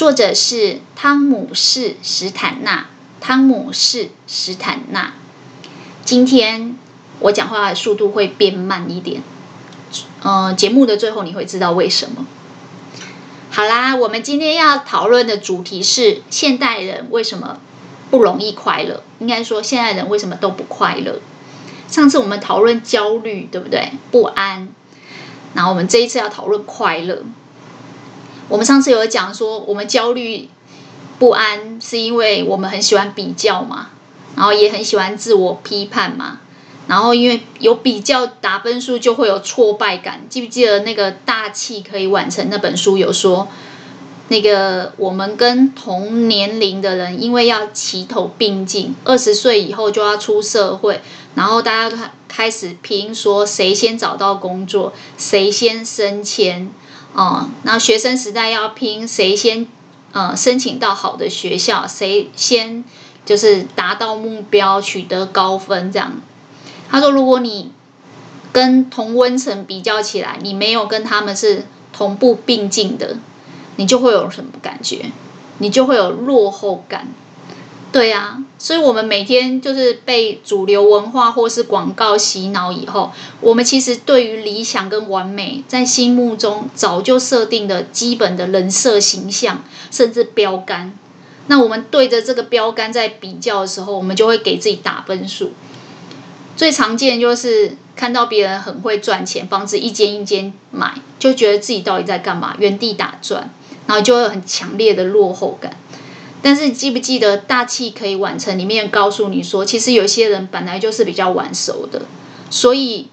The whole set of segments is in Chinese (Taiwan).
作者是湯姆士·史坦納。湯姆士·史坦納，今天我講話的速度會變慢一點。嗯、呃，節目的最後你會知道為什麼。好啦，我們今天要討論的主題是現代人為什麼不容易快樂。應該說，現代人為什麼都不快樂？上次我們討論焦慮，對不對？不安。那我們這一次要討論快樂。我們上次有講說，我們焦慮不安是因為我們很喜歡比較嘛，然後也很喜歡自我批判嘛，然後因為有比較打分數就會有挫敗感。記不記得那個《大器可以晚成》那本書有說，那個我們跟同年齡的人因為要齊頭並進，二十歲以後就要出社會，然後大家都開始拼，說誰先找到工作，誰先升遷。哦、嗯，那學生時代要拼誰先，呃，申請到好的學校，誰先就是達到目標取得高分這樣。他說，如果你跟同溫層比較起來，你沒有跟他們是同步並進的，你就會有什麼感覺？你就會有落後感，對啊。所以，我們每天就是被主流文化或是廣告洗腦以後，我們其實對於理想跟完美，在心目中早就設定的基本的人設形象，甚至標杆。那我們對着這個標杆在比較的時候，我們就會給自己打分數。最常見就是看到別人很會賺錢，房子一間一間買，就覺得自己到底在幹嘛，原地打轉，然後就會有很強烈的落後感。但是，你記不記得《大器可以晚成》裡面告訴你說，其實有些人本來就是比較晚熟的。所以，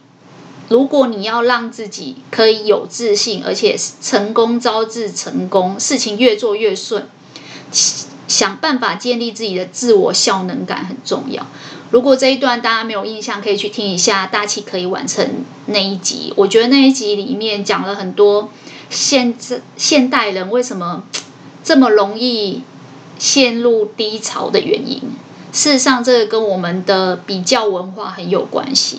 如果你要讓自己可以有自信，而且成功招致成功，事情越做越順，想辦法建立自己的自我效能感很重要。如果這一段大家沒有印象，可以去聽一下《大器可以晚成》那一集。我覺得那一集裡面講了很多現代現代人為什麼這麼容易，陷入低潮的原因，事實上，這個跟我們的比較文化很有關係。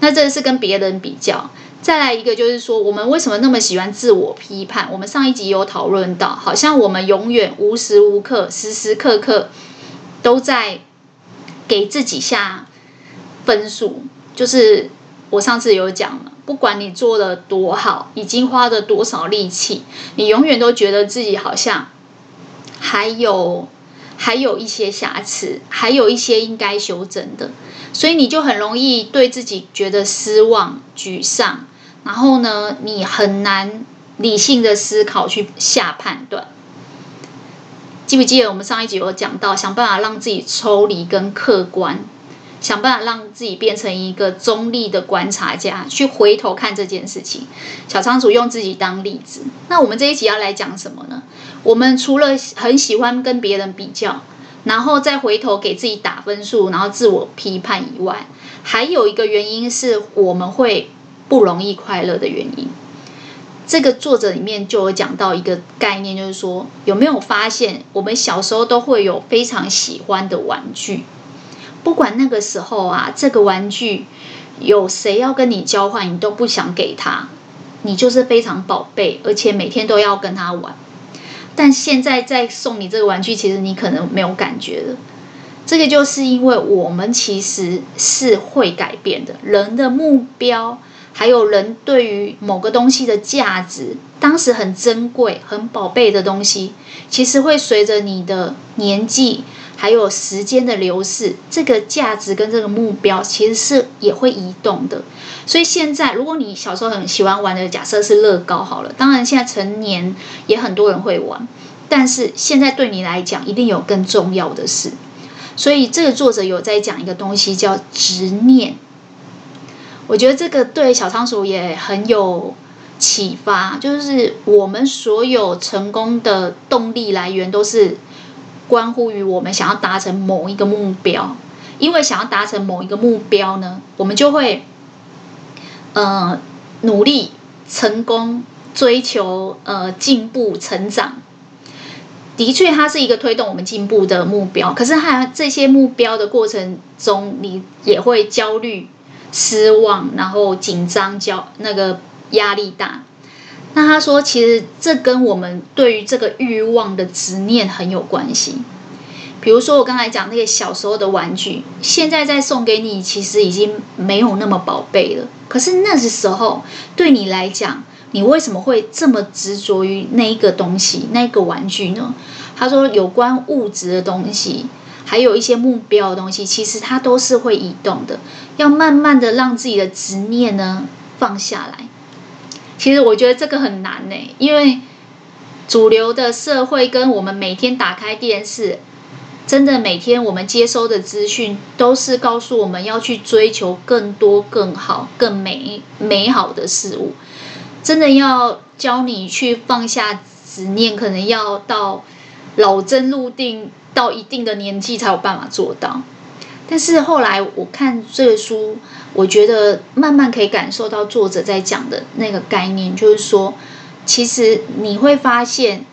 那這是跟別人比較，再來一個就是說，我們為什麼那麼喜歡自我批判？我們上一集有討論到，好像我們永遠無時無刻、時時刻刻都在給自己下分數。就是我上次有講了，不管你做了多好，已經花了多少力氣，你永遠都覺得自己好像……還有還有一些瑕疵，還有一些應該修正的，所以你就很容易對自己覺得失望、沮喪。然後呢，你很難理性的思考去下判斷。記不記得我們上一集有講到，想辦法讓自己抽離跟客觀？想辦法讓自己變成一個中立的觀察家，去回頭看這件事情。小倉鼠用自己當例子。那我們這一集要來講什麼呢？我們除了很喜歡跟別人比較，然後再回頭給自己打分數，然後自我批判以外，還有一個原因是我們會不容易快樂的原因。這個作者裡面就有講到一個概念，就是說有沒有發現，我們小時候都會有非常喜歡的玩具。不管那個時候啊，這個玩具有誰要跟你交換，你都不想給他，你就是非常寶貝，而且每天都要跟他玩。但現在再送你這個玩具，其實你可能沒有感覺了。這個就是因為我們其實是會改變的，人的目標，還有人對於某個東西的價值，當時很珍貴、很寶貝的東西，其實會隨着你的年紀。還有時間的流逝，這個價值跟這個目標其實是也會移動的。所以現在，如果你小時候很喜歡玩的，假設是樂高好了，當然現在成年也很多人會玩，但是現在對你來講，一定有更重要的事。所以這個作者有在講一個東西叫執念，我覺得這個對小倉鼠也很有啟發，就是我們所有成功的動力來源都是。關乎於我們想要達成某一個目標，因為想要達成某一個目標呢，我們就會，呃、努力、成功、追求、呃，進步、成長。的確，它是一個推動我們進步的目標。可是，它這些目標的過程中，你也會焦慮、失望，然後緊張、焦那個壓力大。那他說，其實這跟我們對於這個慾望的執念很有關係。比如說，我剛才講那個小時候的玩具，現在再送給你，其實已經沒有那麼寶貝了。可是那個時候對你來講，你為什麼會這麼執着於那一個東西、那個玩具呢？他說，有關物質的東西，還有一些目標的東西，其實它都是會移動的。要慢慢的讓自己的執念呢放下來。其實我覺得這個很難呢、欸，因為主流的社會跟我們每天打開電視，真的每天我們接收的資訊都是告訴我們要去追求更多、更好、更美美好的事物。真的要教你去放下執念，可能要到老僧入定到一定的年紀才有辦法做到。但是後來我看這個書，我覺得慢慢可以感受到作者在講的那個概念，就是說，其實你會發現，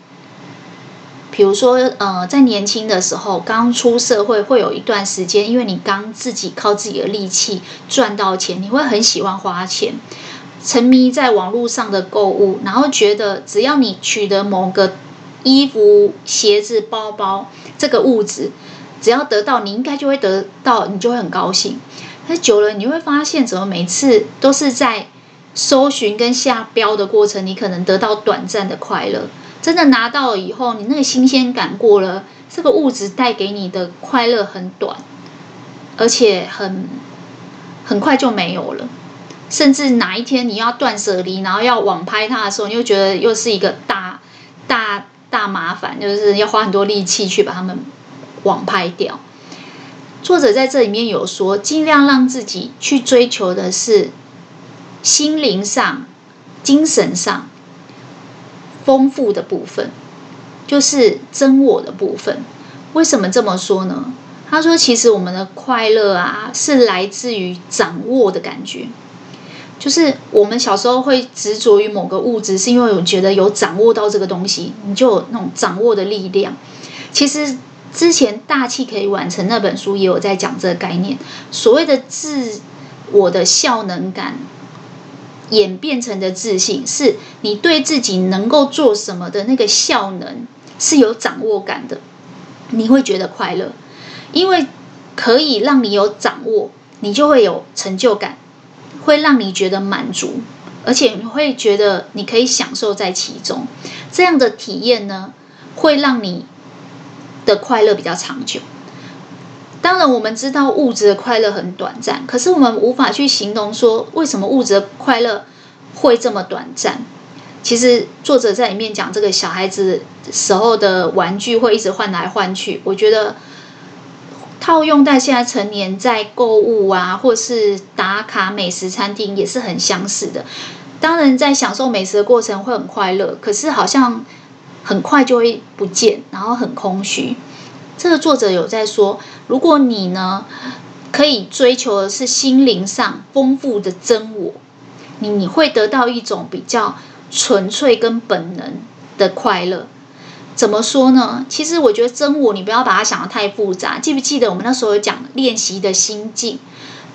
比如說，呃，在年輕的時候，剛出社會會有一段時間，因為你剛自己靠自己的力氣賺到錢，你會很喜歡花錢，沉迷在網路上的購物，然後覺得只要你取得某個衣服、鞋子、包包這個物質。只要得到，你應該就會得到，你就會很高興。那久了，你會發現，怎麼每次都是在搜尋跟下標的過程，你可能得到短暫的快樂。真的拿到了以後，你那個新鮮感過了，這個物質帶給你的快樂很短，而且很很快就沒有了。甚至哪一天你要斷舍離，然後要網拍它的時候，你又覺得又是一個大大大麻煩，就是要花很多力氣去把它們。網拍掉。作者在這裡面有說，盡量讓自己去追求的是心靈上、精神上豐富的部分，就是真我的部分。為什麼這麼說呢？他說，其實我們的快樂啊，是來自於掌握的感覺。就是我們小時候會執着於某個物質，是因為我覺得有掌握到這個東西，你就有那種掌握的力量。其實。之前《大器可以完成》那本書也有在講這個概念。所謂的自我的效能感演變成的自信，是你對自己能夠做什麼的那個效能是有掌握感的，你會覺得快樂，因為可以讓你有掌握，你就會有成就感，會讓你覺得滿足，而且你會覺得你可以享受在其中。這樣的體驗呢，會讓你。的快樂比較長久。當然，我們知道物質的快樂很短暫，可是我們無法去形容說為什麼物質的快樂會這麼短暫。其實作者在裡面講這個小孩子時候的玩具會一直換來換去，我覺得套用在現在成年在購物啊，或是打卡美食餐廳也是很相似的。當然，在享受美食的過程會很快樂，可是好像很快就會不見，然後很空虛。這個作者有在說，如果你呢可以追求的是心靈上豐富的真我你，你會得到一種比較純粹跟本能的快樂。怎麼說呢？其實我覺得真我，你不要把它想得太複雜。記不記得我們那時候有講練習的心境？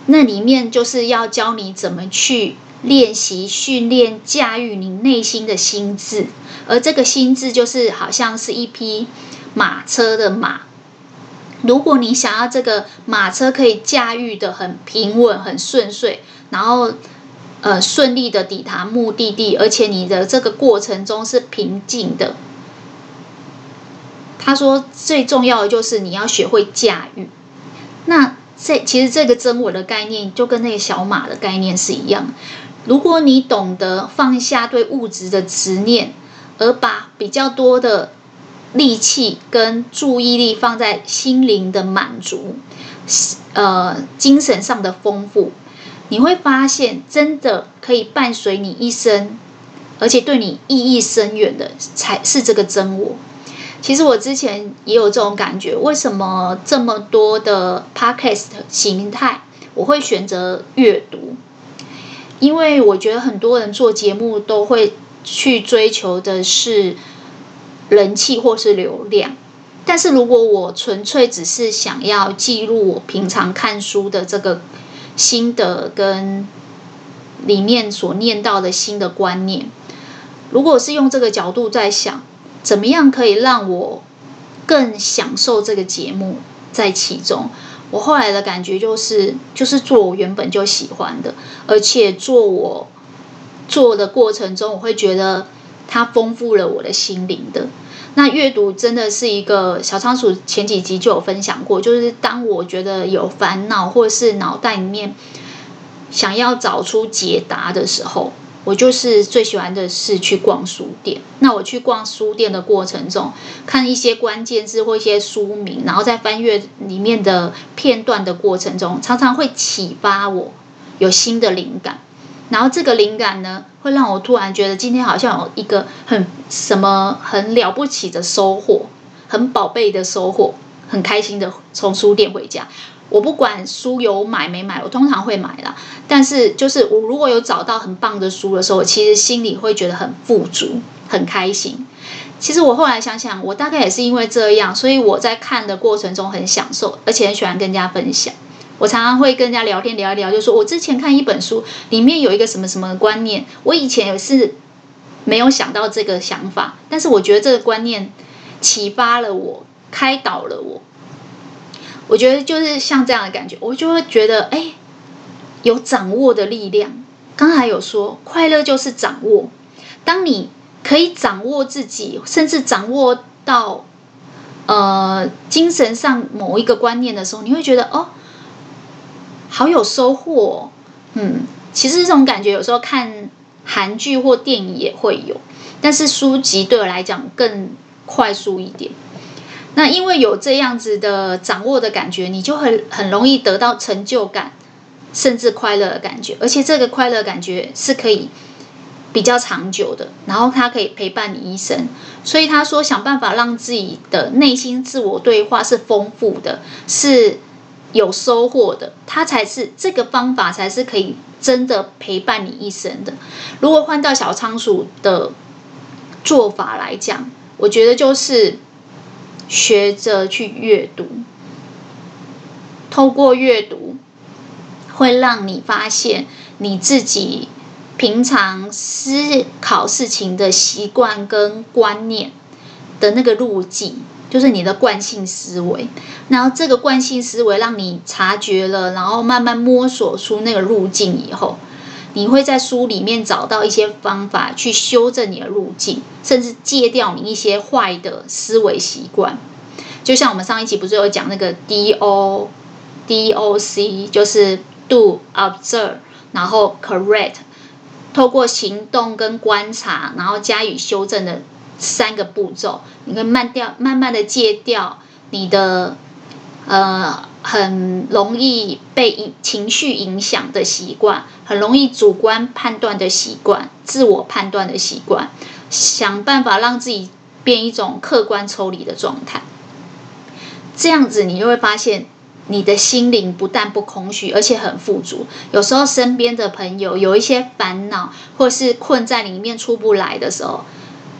那裡面就是要教你怎麼去練習、訓練、駕馭你內心的心智，而這個心智就是好像是一匹馬車的馬。如果你想要這個馬車可以駕馭的很平穩、很順遂，然後呃順利的抵達目的地，而且你的這個過程中是平靜的，他說最重要的就是你要學會駕馭。那這其實這個真我的概念就跟那個小馬的概念是一樣的。如果你懂得放下對物質的執念，而把比較多的。力氣跟注意力放在心靈的滿足，呃，精神上的豐富，你會發現真的可以伴隨你一生，而且對你意義深遠的才是這個真我。其實我之前也有這種感覺，為什麼這麼多的 podcast 的形態，我會選擇閱讀？因為我覺得很多人做節目都會去追求的是。人氣或是流量，但是如果我純粹只是想要記錄我平常看書的這個心得跟裡面所念到的新的觀念，如果是用這個角度在想，怎麼樣可以讓我更享受這個節目在其中？我後來的感覺就是，就是做我原本就喜歡的，而且做我做我的過程中，我會覺得。它豐富了我的心靈的。那閱讀真的是一個小倉鼠前幾集就有分享過，就是當我覺得有煩惱或者是腦袋裡面想要找出解答的時候，我就是最喜歡的是去逛書店。那我去逛書店的過程中，看一些關鍵字或一些書名，然後在翻閱裡面的片段的過程中，常常會啟發我有新的靈感。然後這個靈感呢，會讓我突然覺得今天好像有一個很什麼很了不起的收穫，很寶貝的收穫，很開心的從書店回家。我不管書有買沒買，我通常會買啦。但是就是我如果有找到很棒的書的時候，我其實心裡會覺得很富足，很開心。其實我後來想想，我大概也是因為這樣，所以我在看的過程中很享受，而且很喜歡跟大家分享。我常常會跟人家聊天聊一聊，就說我之前看一本書，裡面有一個什麼什麼的觀念，我以前也是沒有想到這個想法，但是我覺得這個觀念啟發了我，開導了我。我覺得就是像這樣的感覺，我就會覺得誒，有掌握的力量。剛才有說快樂就是掌握，當你可以掌握自己，甚至掌握到呃精神上某一個觀念的時候，你會覺得哦。好有收穫哦，嗯，其實這種感覺有時候看韓劇或電影也會有，但是書籍對我來講更快速一點。那因為有這樣子的掌握的感覺，你就很，很容易得到成就感，甚至快樂的感覺。而且這個快樂感覺是可以比較長久的，然後它可以陪伴你一生。所以他說，想辦法讓自己的內心自我對話是豐富的，是。有收穫的，它，才是這個方法，才是可以真的陪伴你一生的。如果換到小倉鼠的做法來講，我覺得就是學着去閱讀，透過閱讀，會讓你發現你自己平常思考事情的習慣跟觀念的那個路徑，就是你的慣性思維，然後這個慣性思維讓你察覺了，然後慢慢摸索出那個路徑以後，你會在書裡面找到一些方法去修正你的路徑，甚至戒掉你一些壞的思維習慣。就像我們上一集不是有講那個 D O D O C，就是 Do Observe，然後 Correct，透過行動跟觀察，然後加以修正的。三個步驟，你可以慢掉、慢慢的戒掉你的，呃，很容易被情緒影響的習慣，很容易主觀判斷的習慣、自我判斷的習慣，想辦法讓自己變一種客觀抽離的狀態。這樣子，你就會發現，你的心靈不但不空虛，而且很富足。有時候身邊的朋友有一些煩惱，或是困在裡面出不來的時候。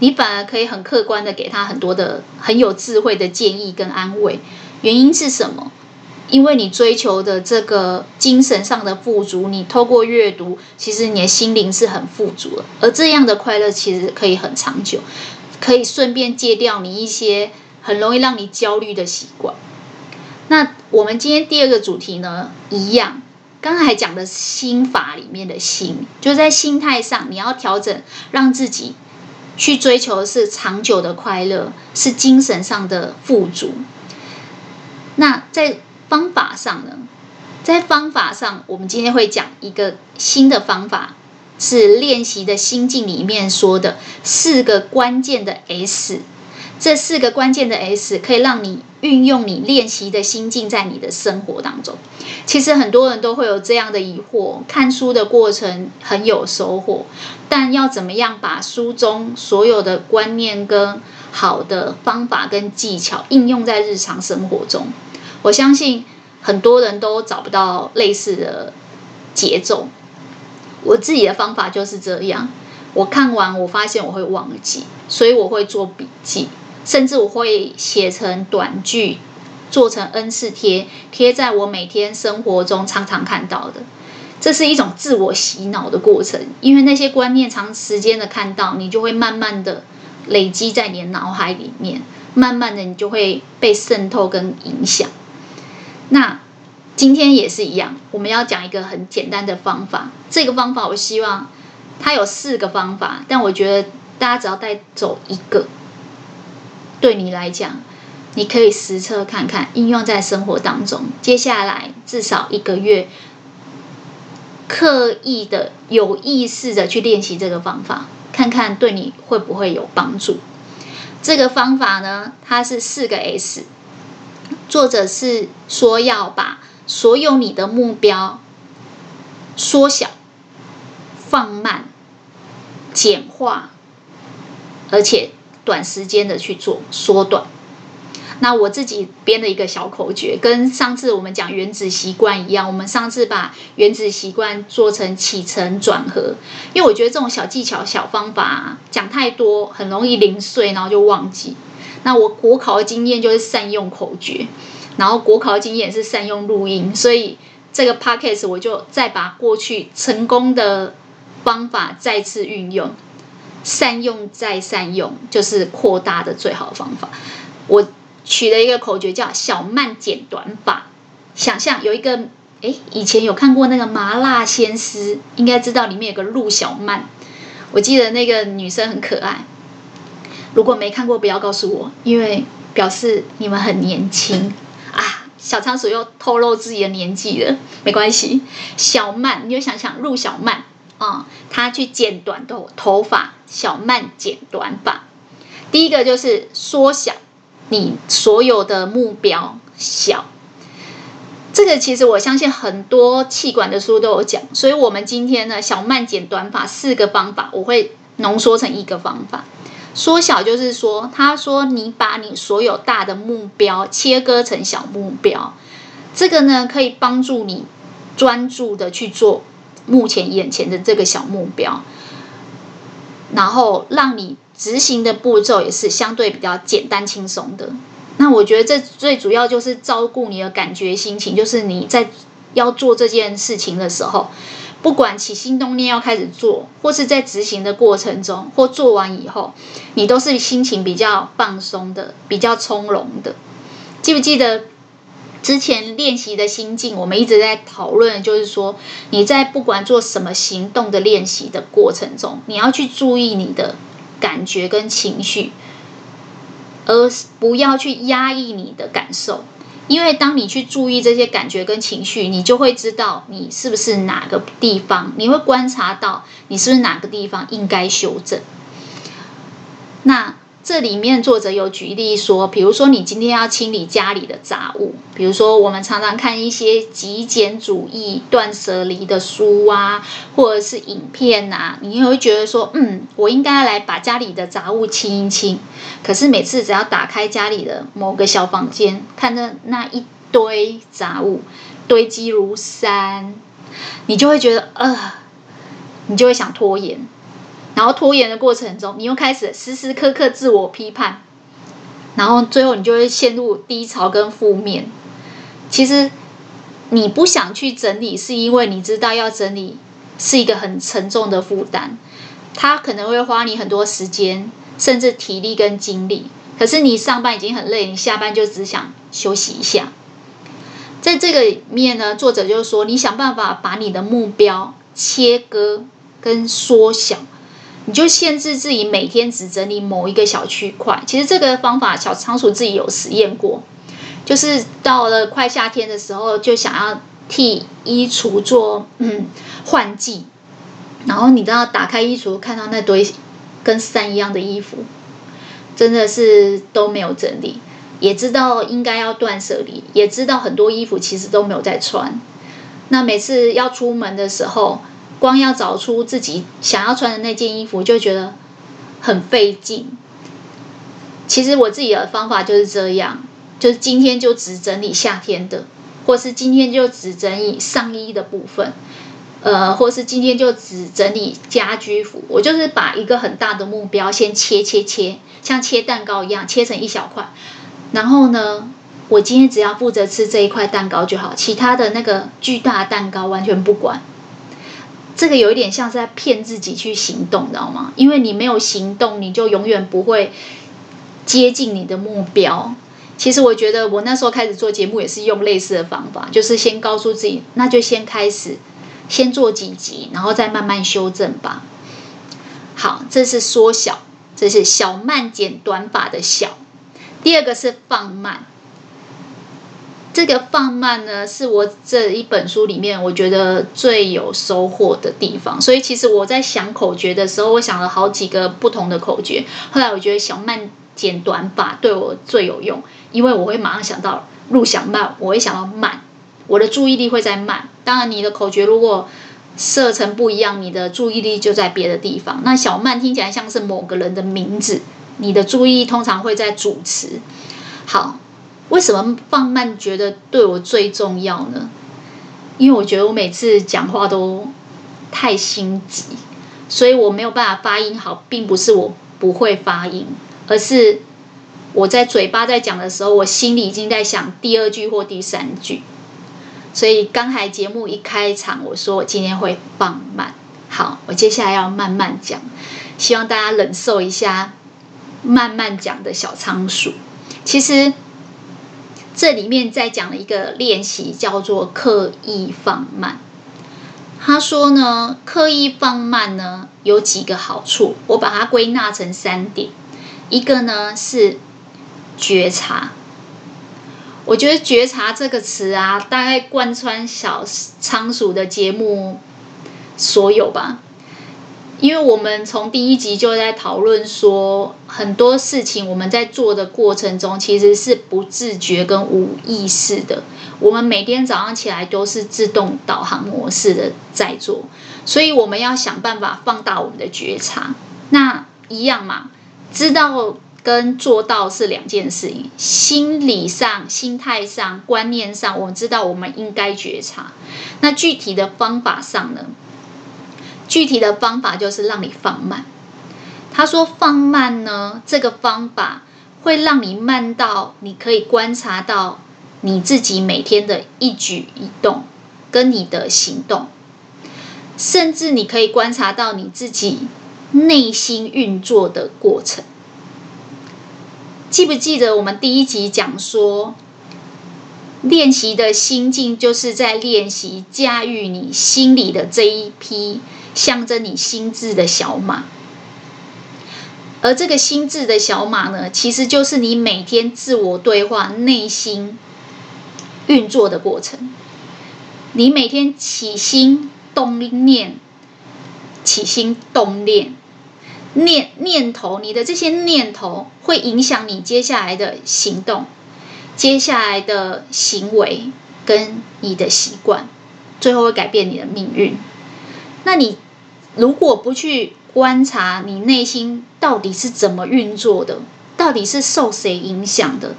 你反而可以很客觀的給他很多的很有智慧的建議跟安慰，原因是什麼？因為你追求的這個精神上的富足，你透過閱讀，其實你的心靈是很富足了。而這樣的快樂其實可以很長久，可以順便戒掉你一些很容易讓你焦慮的習慣。那我們今天第二個主題呢，一樣，剛才講的心法裡面的心，就在心態上，你要調整，讓自己。去追求的是長久的快樂，是精神上的富足。那在方法上呢？在方法上，我們今天會講一個新的方法，是練習的心境裡面說的四個關鍵的 S。這四個關鍵的 S 可以讓你運用你練習的心境在你的生活當中。其實很多人都會有這樣的疑惑：看書的過程很有收穫，但要怎麼樣把書中所有的觀念跟好的方法跟技巧應用在日常生活中？我相信很多人都找不到類似的節奏。我自己的方法就是這樣：我看完我發現我會忘記，所以我會做筆記。甚至我會寫成短句，做成 N 次貼，貼在我每天生活中常常看到的。這是一種自我洗腦的過程，因為那些觀念長時間的看到，你就會慢慢的累積在你的腦海裡面，慢慢的你就會被滲透跟影響。那今天也是一樣，我們要講一個很簡單的方法。這個方法我希望它有四個方法，但我覺得大家只要帶走一個。對你來講，你可以實測看看，應用在生活當中。接下來至少一個月，刻意的、有意識的去練習這個方法，看看對你會不會有幫助。這個方法呢，它是四個 S，作者是說要把所有你的目標縮小、放慢、簡化，而且，短時間的去做，縮短。那我自己編的一個小口訣，跟上次我們講原子習慣一樣。我們上次把原子習慣做成起承轉合，因為我覺得這種小技巧、小方法講太多，很容易零碎，然後就忘記。那我國考的經驗就是善用口訣，然後國考的經驗是善用錄音，所以這個 podcast 我就再把過去成功的方法再次運用。善用再善用，就是擴大的最好的方法。我取了一個口訣，叫“小蔓剪短髮”。想象有一個、欸，以前有看過那個《麻辣鮮師》，應該知道裡面有個陸小曼。我記得那個女生很可愛。如果沒看過，不要告訴我，因為表示你們很年輕、嗯、啊。小倉鼠又透露自己的年紀了，沒關係。小曼，你就想想陸小曼。啊、哦，他去剪短頭頭髮，小蔓剪短髮。第一個就是縮小你所有的目標小。這個其實我相信很多企管的書都有講，所以我們今天呢，小蔓剪短髮四個方法，我會濃縮成一個方法。縮小就是說，他說你把你所有大的目標切割成小目標，這個呢可以幫助你專注的去做。目前眼前的這個小目標，然後讓你執行的步驟也是相對比較簡單輕鬆的。那我覺得這最主要就是照顧你的感覺心情，就是你在要做這件事情的時候，不管起心動念要開始做，或是在執行的過程中，或做完以後，你都是心情比較放鬆的，比較從容的。記不記得？之前練習的心境，我們一直在討論，就是說你在不管做什麼行動的練習的過程中，你要去注意你的感覺跟情緒，而不要去壓抑你的感受。因為當你去注意這些感覺跟情緒，你就會知道你是不是哪個地方，你會觀察到你是不是哪個地方應該修正。那。這裡面作者有舉例說，比如說你今天要清理家裡的雜物，比如說我們常常看一些極簡主義、斷舍離的書啊，或者是影片啊，你又會覺得說，嗯，我應該來把家裡的雜物清一清。可是每次只要打開家裡的某個小房間，看着那一堆雜物堆積如山，你就會覺得，呃，你就會想拖延。然後拖延的過程中，你又開始時時刻刻自我批判，然後最後你就會陷入低潮跟負面。其實你不想去整理，是因為你知道要整理是一個很沉重的負擔，它可能會花你很多時間、甚至體力跟精力。可是你上班已經很累，你下班就只想休息一下。在這個裡面呢，作者就說，你想辦法把你的目標切割跟縮小。你就限制自己每天只整理某一個小區塊。其實這個方法小倉鼠自己有實驗過，就是到了快夏天的時候，就想要替衣櫥做嗯換季。然後你都要打開衣櫥，看到那堆跟山一樣的衣服，真的是都沒有整理，也知道應該要斷捨離，也知道很多衣服其實都沒有在穿。那每次要出門的時候，光要找出自己想要穿的那件衣服，就覺得很費勁。其實我自己的方法就是這樣，就是今天就只整理夏天的，或是今天就只整理上衣的部分，呃，或是今天就只整理家居服。我就是把一個很大的目標先切切切，像切蛋糕一樣切成一小塊，然後呢，我今天只要負責吃這一塊蛋糕就好，其他的那個巨大的蛋糕完全不管。這個有一點像是在騙自己去行動，你知道嗎？因為你沒有行動，你就永遠不會接近你的目標。其實我覺得我那時候開始做節目也是用類似的方法，就是先告訴自己，那就先開始，先做幾集，然後再慢慢修正吧。好，這是縮小，這是小蔓剪短髮的小。第二個是放慢。這個放慢呢，是我這一本書裡面我覺得最有收穫的地方。所以其實我在想口訣的時候，我想了好幾個不同的口訣。後來我覺得小蔓剪短髮對我最有用，因為我會馬上想到陸小曼，我會想到慢，我的注意力會在慢。當然，你的口訣如果設成不一樣，你的注意力就在別的地方。那小蔓聽起來像是某個人的名字，你的注意力通常會在主詞。好。為什麼放慢覺得對我最重要呢？因為我覺得我每次講話都太心急，所以我沒有辦法發音好，並不是我不會發音，而是我在嘴巴在講的時候，我心裡已經在想第二句或第三句。所以剛才節目一開場，我說我今天會放慢，好，我接下來要慢慢講，希望大家忍受一下慢慢講的小倉鼠。其實。這裡面在講了一個練習，叫做刻意放慢。他說呢，刻意放慢呢，有幾個好處，我把它歸納成三點。一個呢是覺察，我覺得覺察這個詞啊，大概貫穿小倉鼠的節目所有吧。因為我們從第一集就在討論說，很多事情我們在做的過程中其實是不自覺跟無意識的。我們每天早上起來都是自動導航模式的在做，所以我們要想辦法放大我們的覺察。那一樣嘛，知道跟做到是兩件事情。心理上、心態上、觀念上，我們知道我們應該覺察。那具體的方法上呢？具體的方法就是讓你放慢。他說放慢呢，這個方法會讓你慢到你可以觀察到你自己每天的一舉一動跟你的行動，甚至你可以觀察到你自己內心運作的過程。記不記得我們第一集講說，練習的心境就是在練習駕馭你心裡的這一批，象徵你心智的小馬，而這個心智的小馬呢，其實就是你每天自我對話、內心運作的過程。你每天起心動念、起心動念、念念頭，你的這些念頭會影響你接下來的行動、接下來的行為跟你的習慣，最後會改變你的命運。那你如果不去觀察你內心到底是怎麼運作的，到底是受誰影響的，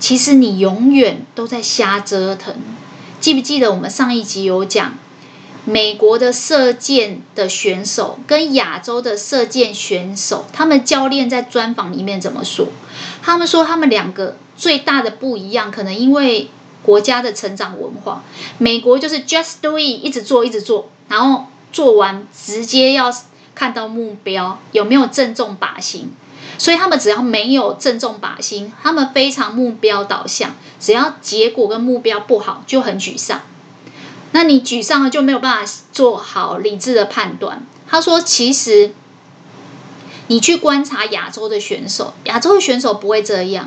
其實你永遠都在瞎折騰。記不記得我們上一集有講美國的射箭的選手跟亞洲的射箭選手，他們教練在專訪裡面怎麼說？他們說他們兩個最大的不一樣，可能因為國家的成長文化，美國就是 just do it，一直做一直做，然後，做完直接要看到目標有沒有正中靶心，所以他們只要沒有正中靶心，他們非常目標導向，只要結果跟目標不好就很沮喪。那你沮喪了就沒有辦法做好理智的判斷。他說：“其實你去觀察亞洲的選手，亞洲的選手不會這樣，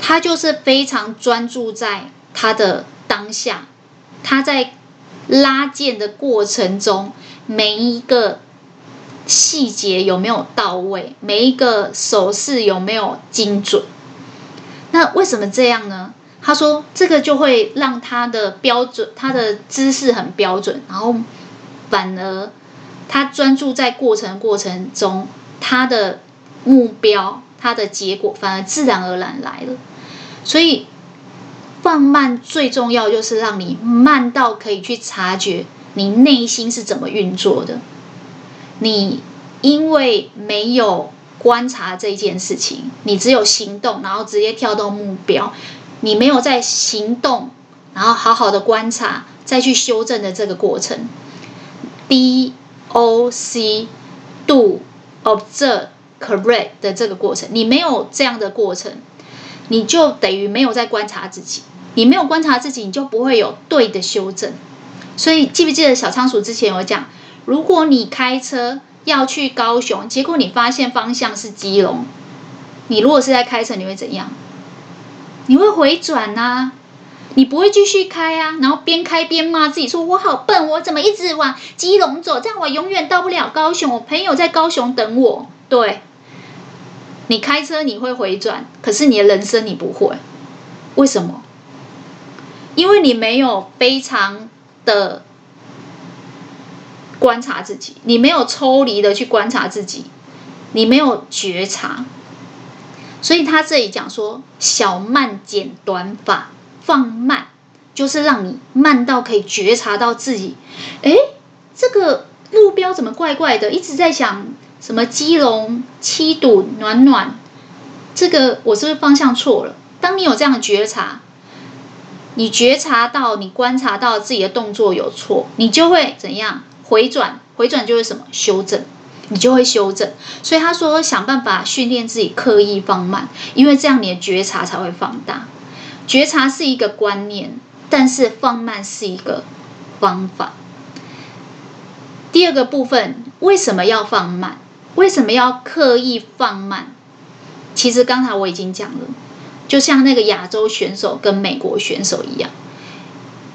他就是非常專注在他的當下，他在。”拉箭的過程中，每一個細節有沒有到位？每一個手勢有沒有精準？那為什麼這樣呢？他說，這個就會讓他的標準，他的姿勢很標準，然後反而他專注在過程過程中，他的目標，他的結果反而自然而然來了，所以。放慢最重要就是讓你慢到可以去察覺你內心是怎麼運作的。你因為沒有觀察這一件事情，你只有行動，然後直接跳到目標，你沒有在行動，然後好好的觀察，再去修正的這個過程。D O C do observe correct 的這個過程，你沒有這樣的過程，你就等於沒有在觀察自己。你沒有觀察自己，你就不會有對的修正。所以記不記得小倉鼠之前有講，如果你開車要去高雄，結果你發現方向是基隆，你如果是在開車，你會怎樣？你會回轉啊，你不會繼續開啊。然後邊開邊罵自己，說我好笨，我怎麼一直往基隆走？這樣我永遠到不了高雄，我朋友在高雄等我。對，你開車你會回轉，可是你的人生你不會，為什麼？因為你沒有非常的觀察自己，你沒有抽離的去觀察自己，你沒有覺察，所以他這裡講說小蔓剪短髮，放慢就是讓你慢到可以覺察到自己。哎，這個目標怎麼怪怪的？一直在想什麼基隆七堵暖暖，這個我是不是方向錯了？當你有這樣的覺察。你覺察到，你觀察到自己的動作有錯，你就會怎樣回轉？回轉就是什麼？修正，你就會修正。所以他說說，想辦法訓練自己刻意放慢，因為這樣你的覺察才會放大。覺察是一個觀念，但是放慢是一個方法。第二個部分，為什麼要放慢？為什麼要刻意放慢？其實剛才我已經講了。就像那個亞洲選手跟美國選手一樣，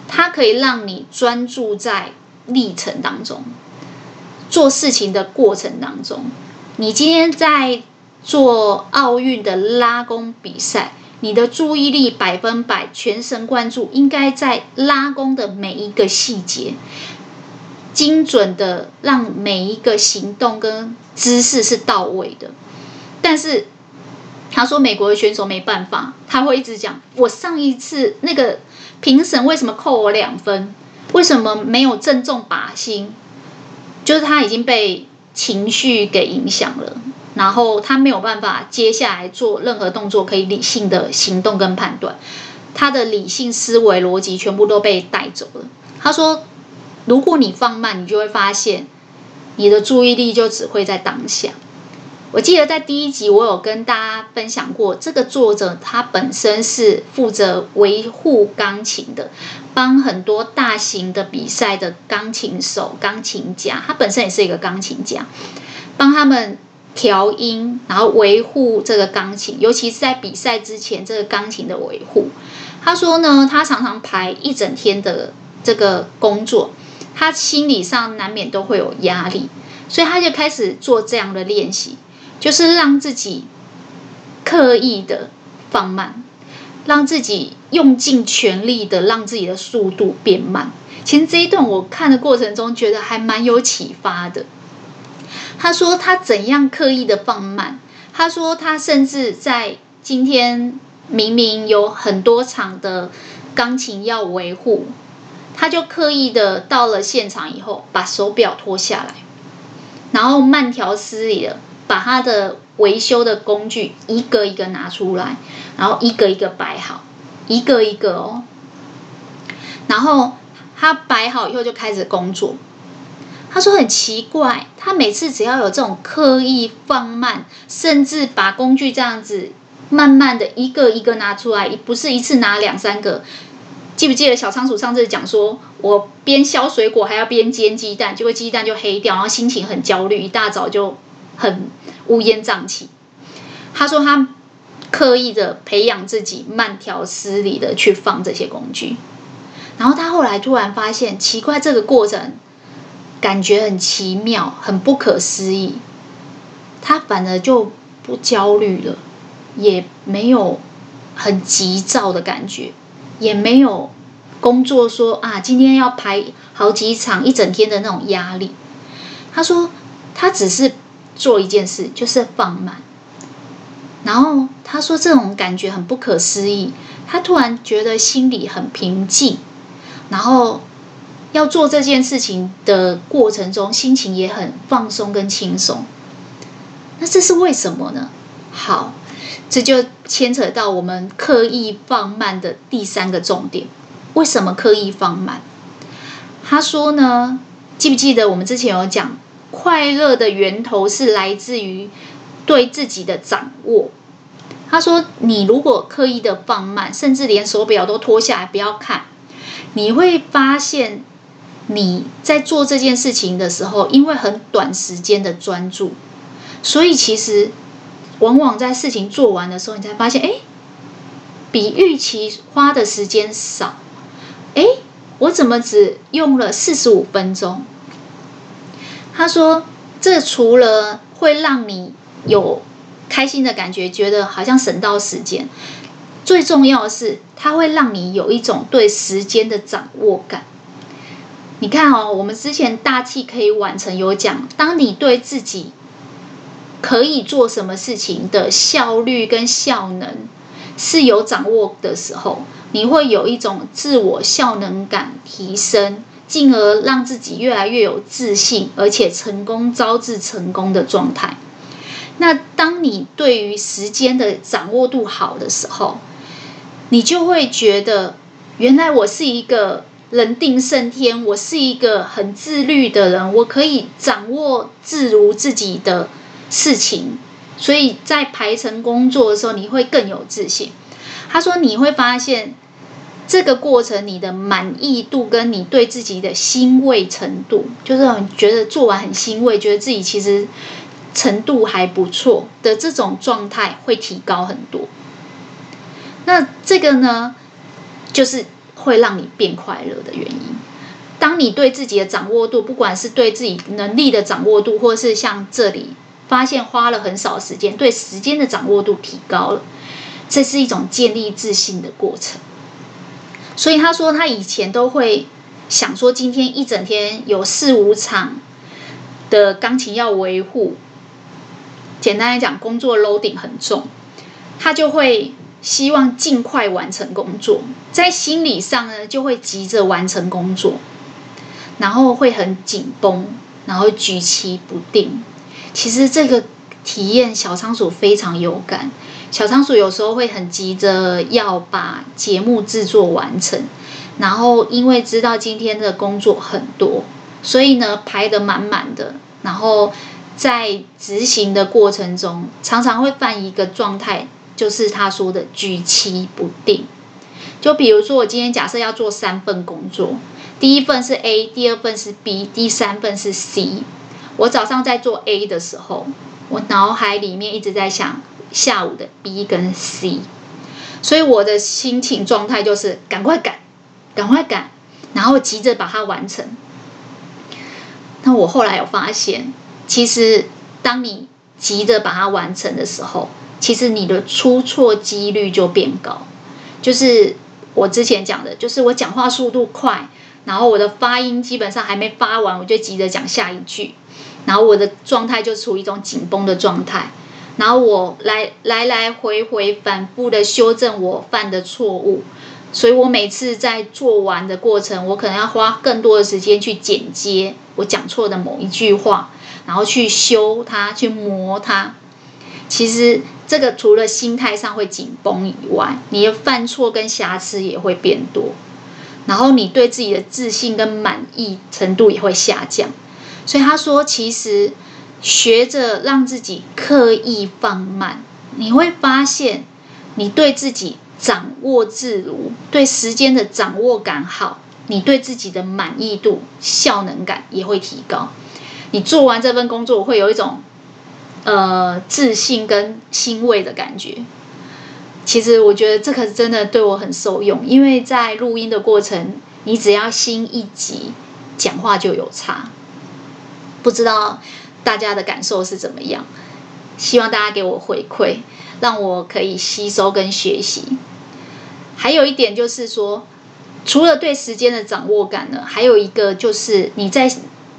他可以讓你專注在歷程當中，做事情的過程當中。你今天在做奧運的拉弓比賽，你的注意力百分百全神貫注，應該在拉弓的每一個細節，精準的讓每一個行動跟姿勢是到位的。但是。他說：“美國的選手沒辦法，他會一直講。我上一次那個評審為什麼扣我兩分？為什麼沒有正中靶心？就是他已經被情緒給影響了，然後他沒有辦法接下來做任何動作，可以理性的行動跟判斷。他的理性思維邏輯全部都被帶走了。”他說：“如果你放慢，你就會發現，你的注意力就只會在當下。”我記得在第一集，我有跟大家分享過，這個作者他本身是負責維護鋼琴的，幫很多大型的比賽的鋼琴手、鋼琴家，他本身也是一個鋼琴家，幫他們調音，然後維護這個鋼琴，尤其是在比賽之前，這個鋼琴的維護。他說呢，他常常排一整天的這個工作，他心理上難免都會有壓力，所以他就開始做這樣的練習。就是讓自己刻意的放慢，讓自己用盡全力的讓自己的速度變慢。其實這一段我看的過程中，覺得還蠻有啟發的。他說他怎樣刻意的放慢，他說他甚至在今天明明有很多場的鋼琴要維護，他就刻意的到了現場以後，把手錶脫下來，然後慢條斯理的。把他的維修的工具一個一個拿出來，然後一個一個擺好，一個一個哦。然後他擺好以後就開始工作。他說很奇怪，他每次只要有這種刻意放慢，甚至把工具這樣子慢慢的一個一個拿出來，不是一次拿兩三個。記不記得小倉鼠上次講說，我邊削水果還要邊煎雞蛋，結果雞蛋就黑掉，然後心情很焦慮，一大早就。很烏煙瘴氣。他說他刻意的培養自己慢條斯理的去放這些工具，然後他後來突然發現，奇怪，這個過程感覺很奇妙，很不可思議。他反而就不焦慮了，也沒有很急躁的感覺，也沒有工作說啊，今天要排好幾場一整天的那種壓力。他說他只是。做一件事就是放慢，然後他說這種感覺很不可思議，他突然覺得心裡很平靜，然後要做這件事情的過程中，心情也很放鬆跟輕鬆。那這是為什麼呢？好，這就牽扯到我們刻意放慢的第三個重點。為什麼刻意放慢？他說呢，記不記得我們之前有講？快樂的源頭是來自於對自己的掌握。他說：“你如果刻意的放慢，甚至連手表都脫下來不要看，你會發現你在做這件事情的時候，因為很短時間的專注，所以其實往往在事情做完的時候，你才發現，哎，比預期花的時間少。哎，我怎麼只用了四十五分鐘？”他說：“這除了會讓你有開心的感覺，覺得好像省到時間，最重要的是，它會讓你有一種對時間的掌握感。你看哦，我們之前大器可以晚成有講，當你對自己可以做什麼事情的效率跟效能是有掌握的時候，你會有一種自我效能感提升。”進而讓自己越來越有自信，而且成功招致成功的狀態。那當你對於時間的掌握度好的時候，你就會覺得原來我是一個人定勝天，我是一個很自律的人，我可以掌握自如自己的事情。所以在排程工作的時候，你會更有自信。他說，你會發現。這個過程，你的滿意度跟你對自己的欣慰程度，就是覺得做完很欣慰，覺得自己其實程度還不錯的這種狀態，會提高很多。那這個呢，就是會讓你變快樂的原因。當你對自己的掌握度，不管是對自己能力的掌握度，或是像這裡發現花了很少時間，對時間的掌握度提高了，這是一種建立自信的過程。所以他說，他以前都會想說，今天一整天有四五場的鋼琴要維護。簡單來講，工作 loading 很重，他就會希望儘快完成工作，在心理上呢，就會急着完成工作，然後會很緊繃，然後舉棋不定。其實這個體驗，小倉鼠非常有感。小倉鼠有時候會很急着要把節目制作完成，然後因為知道今天的工作很多，所以呢排得滿滿的。然後在執行的過程中，常常會犯一個狀態，就是他說的舉棋不定。就比如說，我今天假設要做三份工作，第一份是 A，第二份是 B，第三份是 C。我早上在做 A 的時候，我腦海裡面一直在想。下午的 B 跟 C，所以我的心情狀態就是趕快趕，趕快趕，然後急着把它完成。那我後來有發現，其實當你急着把它完成的時候，其實你的出錯幾率就變高。就是我之前講的，就是我講話速度快，然後我的發音基本上還沒發完，我就急着講下一句，然後我的狀態就處於一種緊繃的狀態。然後我來來來回回反覆的修正我犯的錯誤，所以我每次在做完的過程，我可能要花更多的時間去剪接我講錯的某一句話，然後去修它，去磨它。其實這個除了心態上會緊繃以外，你的犯錯跟瑕疵也會變多，然後你對自己的自信跟滿意程度也會下降。所以他說，其實。學着讓自己刻意放慢，你會發現，你對自己掌握自如，對時間的掌握感好，你對自己的滿意度、效能感也會提高。你做完這份工作，會有一種，呃，自信跟欣慰的感覺。其實我覺得這可是真的對我很受用，因為在錄音的過程，你只要心一急，講話就有差，不知道。大家的感受是怎麼樣？希望大家給我回饋，讓我可以吸收跟學習。還有一點就是說，除了對時間的掌握感呢，還有一個就是你在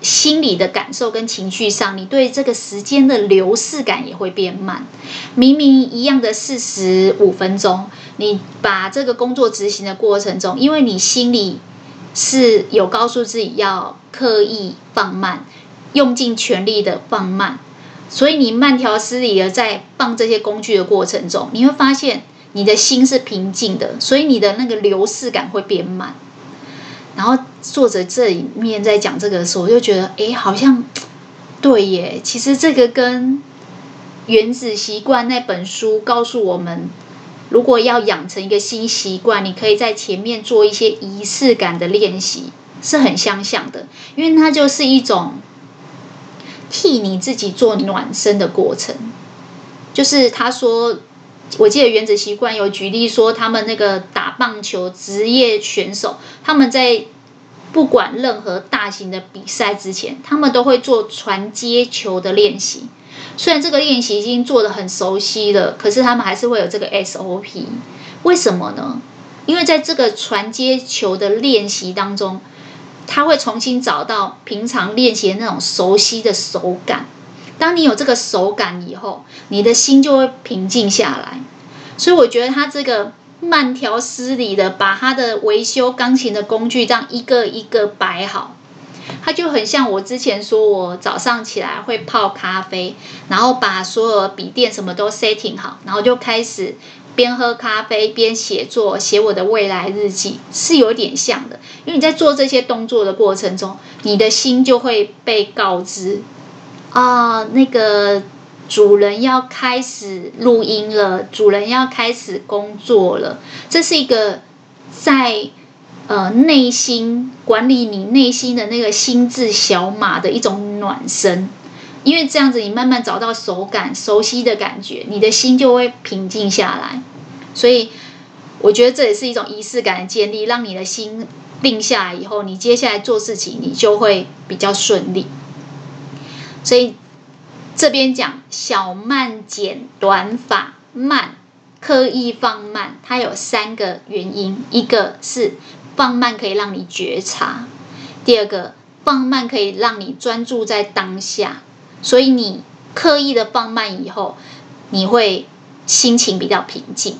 心理的感受跟情緒上，你對這個時間的流逝感也會變慢。明明一樣的四十五分鐘，你把這個工作執行的過程中，因為你心裡是有告訴自己要刻意放慢。用盡全力的放慢，所以你慢條斯理的在放這些工具的過程中，你會發現你的心是平靜的，所以你的那個流逝感會變慢。然後作者這裡面在講這個的時候，我就覺得，誒，好像對耶。其實這個跟《原子習慣》那本書告訴我們，如果要養成一個新習慣，你可以在前面做一些儀式感的練習，是很相像的，因為它就是一種。替你自己做暖身的過程，就是他說，我記得《原子習慣》有舉例說，他們那個打棒球職業選手，他們在不管任何大型的比賽之前，他們都會做傳接球的練習。雖然這個練習已經做得很熟悉了，可是他們還是會有這個 SOP。為什麼呢？因為在這個傳接球的練習當中。他會重新找到平常練習的那種熟悉的手感。當你有這個手感以後，你的心就會平靜下來。所以我覺得他這個慢條斯理的把他的維修鋼琴的工具這樣一個一個擺好，他就很像我之前說我早上起來會泡咖啡，然後把所有筆電什麼都 setting 好，然後就開始。邊喝咖啡邊寫作，寫我的未來日記是有點像的，因為你在做這些動作的過程中，你的心就會被告知，啊，那個主人要開始錄音了，主人要開始工作了，這是一個在呃內心管理你內心的那個心智小馬的一種暖身。因為這樣子，你慢慢找到手感、熟悉的感覺，你的心就會平靜下來。所以，我覺得這也是一種儀式感的建立，讓你的心定下來以後，你接下來做事情你就會比較順利。所以這邊講，這邊講小蔓剪短髮，慢刻意放慢，它有三個原因：一個是放慢可以讓你覺察；第二個，放慢可以讓你專注在當下。所以你刻意的放慢以後，你會心情比較平靜。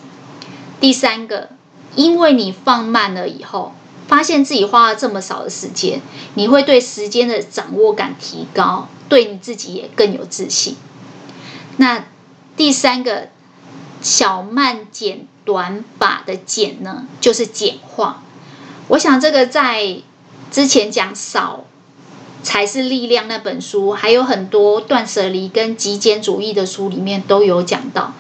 第三個，因為你放慢了以後，發現自己花了這麼少的時間，你會對時間的掌握感提高，對你自己也更有自信。那第三個小慢剪短髮的剪呢，就是簡化。我想這個在之前講少，才是力量那本書，還有很多斷舍離跟極簡主義的書裡面都有講到，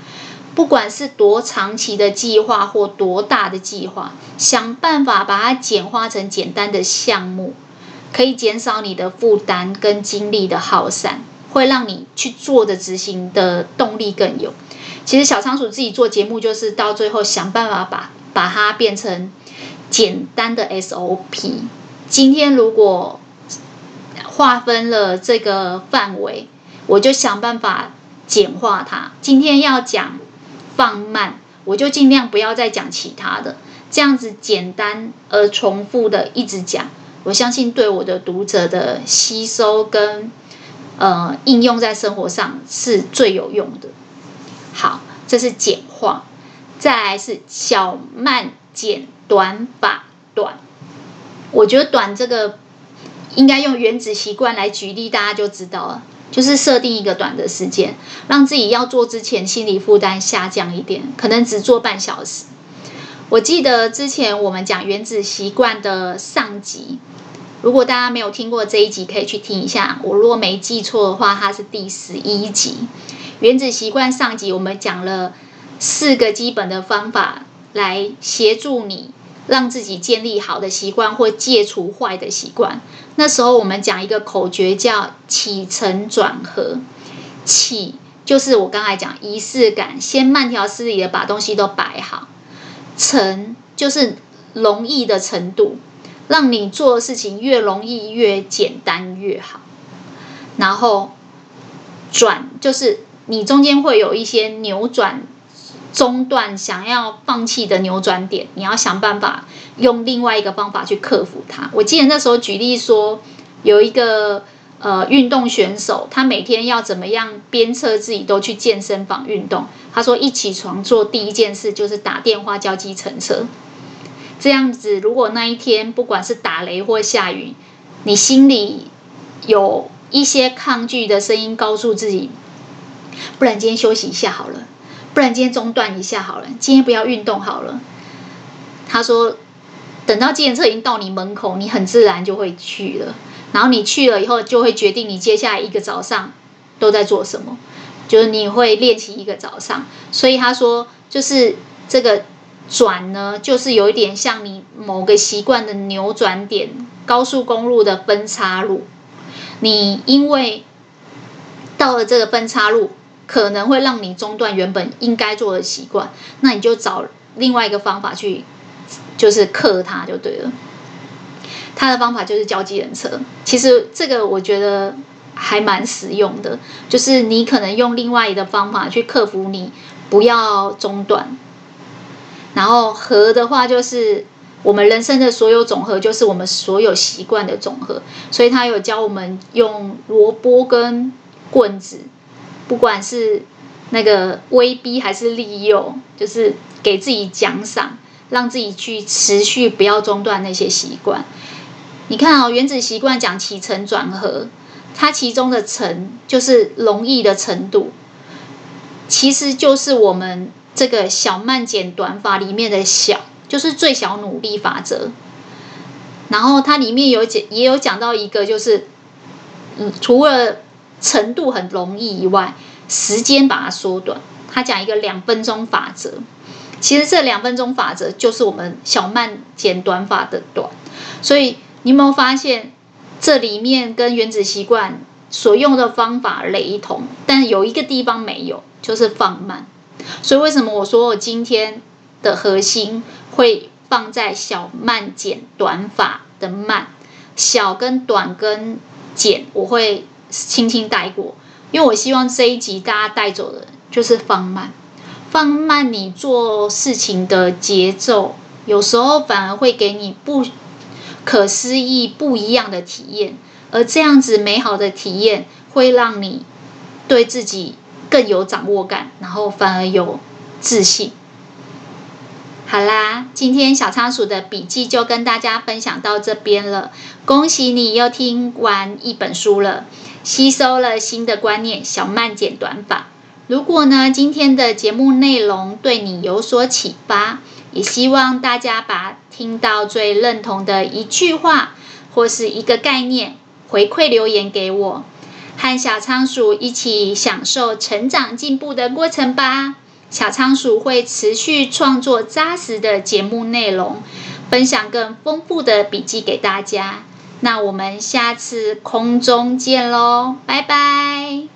不管是多長期的計劃或多大的計劃，想辦法把它簡化成簡單的項目，可以減少你的負擔跟精力的耗散，會讓你去做的執行的動力更有。其實小倉鼠自己做節目，就是到最後想辦法把把它變成簡單的 SOP。今天如果。劃分了這個範圍，我就想辦法簡化它。今天要講放慢，我就儘量不要再講其他的，這樣子簡單而重複的一直講，我相信對我的讀者的吸收跟呃應用在生活上是最有用的。好，這是簡化，再來是小蔓剪短髮，短，我覺得短這個。應該用原子習慣來舉例，大家就知道了。就是設定一個短的時間，讓自己要做之前心理負擔下降一點，可能只做半小時。我記得之前我們講原子習慣的上集，如果大家沒有聽過這一集，可以去聽一下。我如果沒記錯的話，它是第十一集《原子習慣》上集。我們講了四個基本的方法，來協助你讓自己建立好的習慣或戒除壞的習慣。那時候我們講一個口訣，叫“起承轉合”。起就是我剛才講儀式感，先慢條斯理的把東西都擺好。承就是容易的程度，讓你做事情越容易越簡單越好。然後轉就是你中間會有一些扭轉。中斷想要放棄的扭轉點，你要想辦法用另外一個方法去克服它。我記得那時候舉例說，有一個呃運動選手，他每天要怎麼樣鞭策自己都去健身房運動。他說一起床做第一件事就是打電話叫計程車。這樣子，如果那一天不管是打雷或下雨，你心裡有一些抗拒的聲音，告訴自己，不然今天休息一下好了。不然今天中斷一下好了，今天不要運動好了。他說，等到計程車已經到你門口，你很自然就會去了。然後你去了以後，就會決定你接下來一個早上都在做什麼，就是你會練習一個早上。所以他說，就是這個轉呢，就是有一點像你某個習慣的扭轉點，高速公路的分叉路。你因為到了這個分叉路。可能會讓你中斷原本應該做的習慣，那你就找另外一個方法去，就是克它就對了。他的方法就是叫計程車，其實這個我覺得還蠻實用的，就是你可能用另外一個方法去克服你不要中斷。然後和的話就是我們人生的所有總和，就是我們所有習慣的總和，所以他有教我們用蘿蔔跟棍子。不管是那個威逼還是利誘，就是給自己獎賞，讓自己去持續，不要中斷那些習慣。你看哦，《原子習慣》講起承轉合，它其中的“承”就是容易的程度，其實就是我們這個小蔓剪短髮裡面的小，就是最小努力法則。然後它裡面有講，也有講到一個，就是嗯，除了。程度很容易以外，時間把它縮短。他講一個兩分鐘法則，其實這兩分鐘法則就是我們小蔓剪短髮的短。所以你有沒有發現，這裡面跟原子習慣所用的方法雷同，但有一個地方沒有，就是放慢。所以為什麼我說我今天的核心會放在小蔓剪短髮的慢、小跟短跟剪？我會。輕輕帶過，因為我希望這一集大家帶走的，就是放慢，放慢你做事情的節奏，有時候反而會給你不可思議不一樣的體驗，而這樣子美好的體驗，會讓你對自己更有掌握感，然後反而有自信。好啦，今天小倉鼠的筆記就跟大家分享到這邊了，恭喜你又聽完一本書了。吸收了新的觀念，小蔓剪短髮。如果呢，今天的節目內容對你有所啟發，也希望大家把聽到最認同的一句話或是一個概念回饋留言給我，和小倉鼠一起享受成長進步的過程吧。小倉鼠會持續創作扎實的節目內容，分享更豐富的筆記給大家。那我們下次空中見嘍，拜拜。